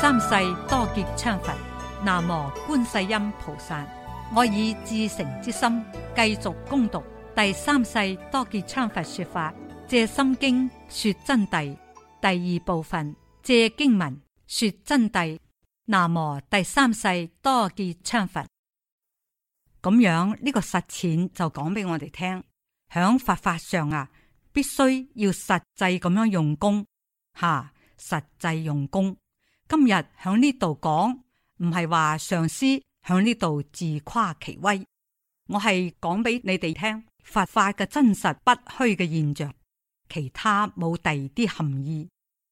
三世多杰羌佛，南無觀世音菩薩。我以至誠之心繼續恭讀第三世多杰羌佛說法，借心經說真諦第二部分，借經文說真諦。南無第三世多杰羌佛。咁樣呢個實踐就講俾我哋聽，響佛法上啊，必須要實際咁樣用功，吓，實際用功。今日喺呢度講，唔係話上師喺呢度自誇其威，我係講俾你哋聽佛法嘅真實不虛嘅現象，其他冇第二啲含義。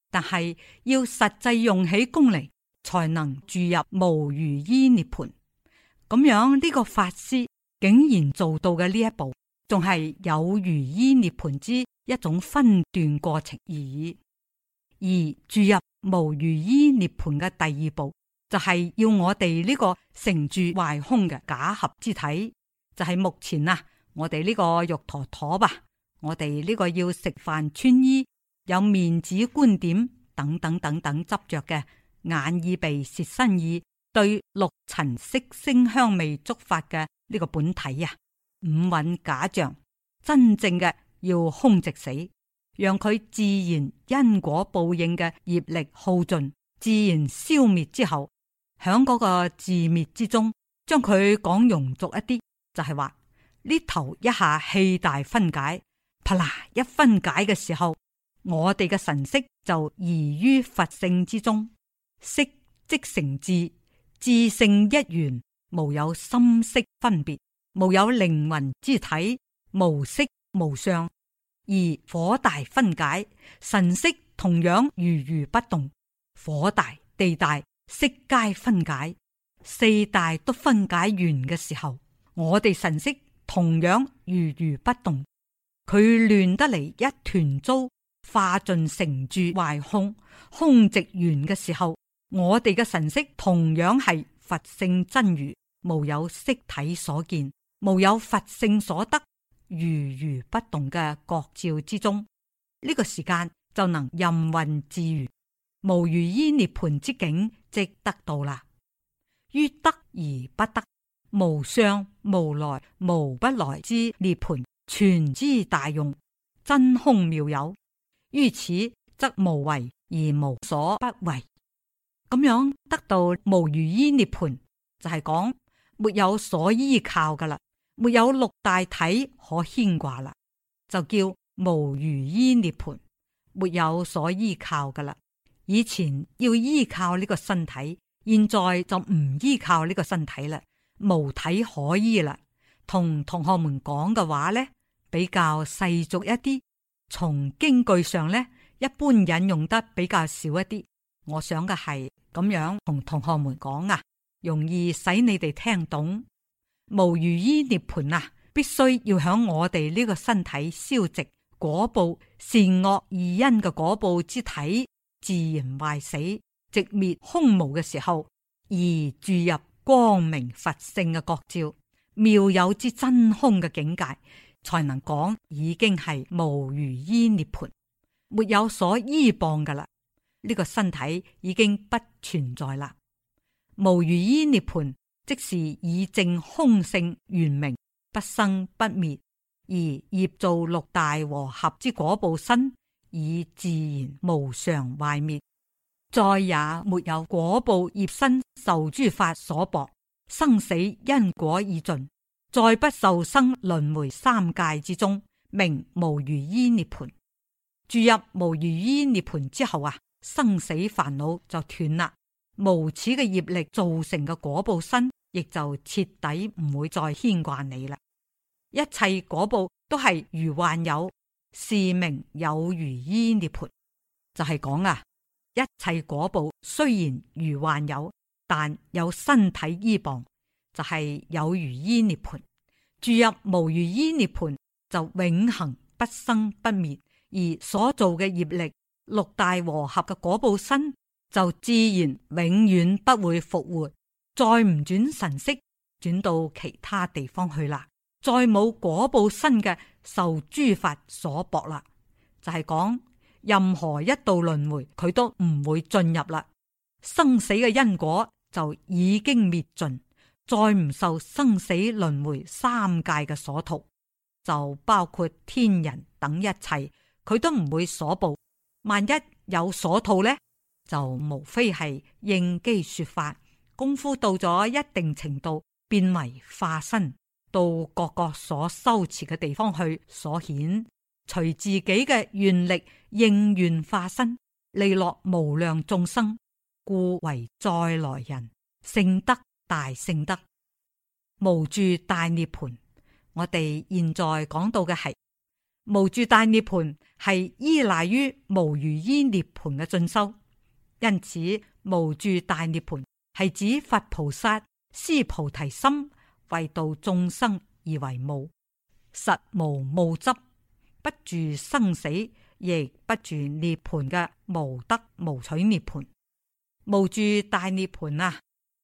但係要實際用起功嚟，才能注入無餘依涅盤。咁樣呢個法師竟然做到嘅呢一步，仲係有餘依涅盤之一種分段過程而已。而住入無餘依涅槃嘅第二步，就係、是、要我哋呢個成住壞空嘅假合之體，就係、是、目前啊，我哋呢個肉坨坨吧，我哋呢個要食飯、穿衣、有面子、觀點等等等等執着嘅眼耳鼻舌身意對六塵色聲香味觸法嘅呢個本體啊，五蘊假象，真正嘅要空即死。讓佢自然因果報應嘅業力耗盡，自然消滅之後，響嗰個自滅之中，將佢講庸俗一啲，就係話呢頭一下氣大分解，啪啦一分解嘅時候，我哋嘅神識就移於佛性之中，識即成智，智性一元，無有心識分別，無有靈魂之體，無識無相。而火大分解，神色同樣如如不動。火大地大，色皆分解，四大都分解完嘅時候，我哋神色同樣如如不動。佢亂得嚟一團糟，化盡成住壞空，空寂完嘅時候，我哋嘅神色同樣係佛性真如，無有色體所見，無有佛性所得。如如不動嘅覺照之中，呢個時間就能任運自如，無如依涅盤之境即得到啦。於得而不得，無相無來無不來之涅盤，全之大用，真空妙有。於此則無為而無所不為，咁樣得到無如依涅盤，就係講沒有所依靠噶啦。沒有六大體可牽掛啦，就叫無如依涅槃，沒有所依靠噶啦。以前要依靠呢個身體，現在就唔依靠呢個身體啦，無體可依啦。同同學們講嘅話呢，比較世俗一啲，從經句上呢，一般引用得比較少一啲。我想嘅係咁樣同同學們講啊，容易使你哋聽懂。無餘依涅盤啊！必須要響我哋呢個身體消寂果報善惡二因嘅果報之體自然壞死直滅空無嘅時候，而注入光明佛性嘅國照妙有之真空嘅境界，才能講已經係無餘依涅盤，沒有所依傍噶啦。呢、這個身體已經不存在啦，無餘依涅盤。即是以正空性圓明，不生不滅，而業造六大和合之果報身，以自然無常壞滅，再也沒有果報業身受諸法所薄，生死因果已盡，再不受生輪回三界之中，名無餘依涅槃。住入無餘依涅槃之後啊，生死煩惱就斷啦，無始嘅業力造成嘅果報身。亦就徹底唔會再牽掛你啦，一切果報都係如幻有，是名有餘依涅槃，就係、是、講啊，一切果報雖然如幻有，但有身體依傍，就係、是、有餘依涅槃，住入無餘依涅槃就永恒不生不滅，而所做嘅業力六大和合嘅果報身，就自然永遠不會復活。再唔轉神識，轉到其他地方去啦。再冇果報新嘅受諸法所博啦，就係、是、講任何一道輪迴，佢都唔會進入啦。生死嘅因果就已經滅盡，再唔受生死輪迴三界嘅所圖，就包括天人等一切，佢都唔會所報。萬一有所圖呢？就無非係應機說法。功夫到咗一定程度，變為化身，到各個所修持嘅地方去所顯，隨自己嘅願力應願化身利落無量眾生，故為再來人，聖德大聖德無住大涅盤。我哋現在講到嘅係無住大涅盤，係依賴於無如依涅盤嘅進修，因此無住大涅盤。係指佛菩薩施菩提心，為度眾生而為無實無無執，不住生死，亦不住涅槃嘅無得無取涅槃，無住大涅槃啊！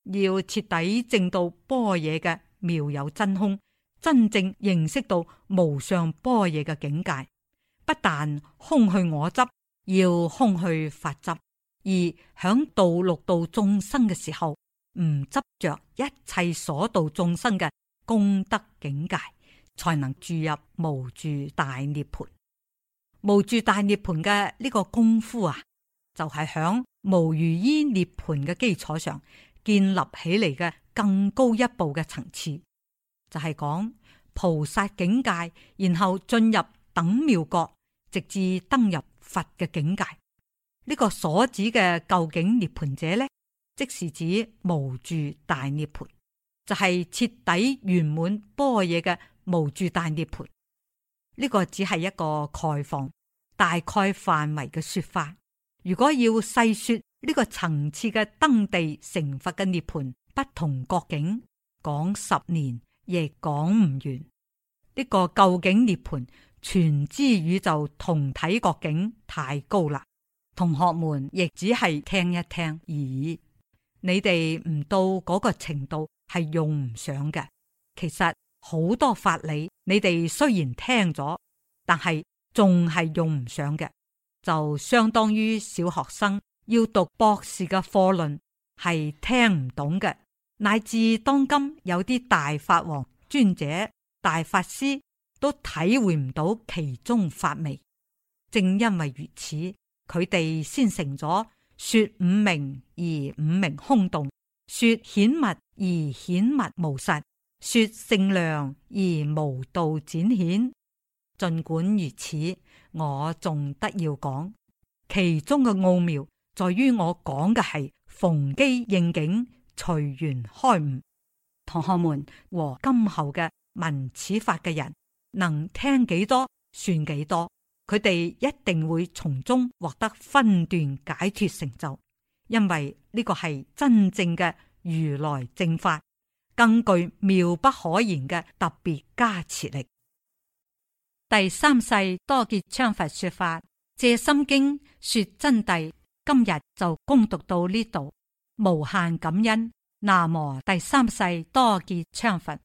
要徹底證到般若嘅妙有真空，真正認識到無上般若嘅境界，不但空去我執，要空去法執。而響度六道眾生嘅時候，唔執着一切所度眾生嘅功德境界，才能住入無住大涅槃。無住大涅槃嘅呢個功夫啊，就係、是、響無餘依涅槃嘅基礎上建立起嚟嘅更高一步嘅層次，就係、是、講菩薩境界，然後進入等妙國，直至登入佛嘅境界。呢個所指嘅究竟涅槃者呢，即是指無住大涅盤，就係、是、徹底圓滿般若嘅無住大涅盤。呢、這個只係一個概況大概範圍嘅說法。如果要細說呢、這個層次嘅登地成佛嘅涅槃，不同國境，講十年亦講唔完。呢、這個究竟涅盤全知宇宙同體國境太高啦。同學們亦只係聽一聽而已，你哋唔到嗰個程度係用唔上嘅。其實好多法理，你哋雖然聽咗，但係仲係用唔上嘅，就相當於小學生要讀博士嘅課論係聽唔懂嘅，乃至當今有啲大法王、尊者、大法師都體會唔到其中法味。正因為如此。佢哋先成咗說五明而五明空洞，說顯密而顯密無實，說聖量而無道展顯。儘管如此，我仲得要講其中嘅奧妙，在於我講嘅係逢機應景、隨緣開悟。同學們和今後嘅聞此法嘅人，能聽幾多算幾多。佢哋一定會從中獲得分段解脫成就，因為呢個係真正嘅如來正法，更具妙不可言嘅特別加持力。第三世多杰羌佛說法《藉心經》說真諦，今日就恭讀到呢度，無限感恩。南無第三世多杰羌佛。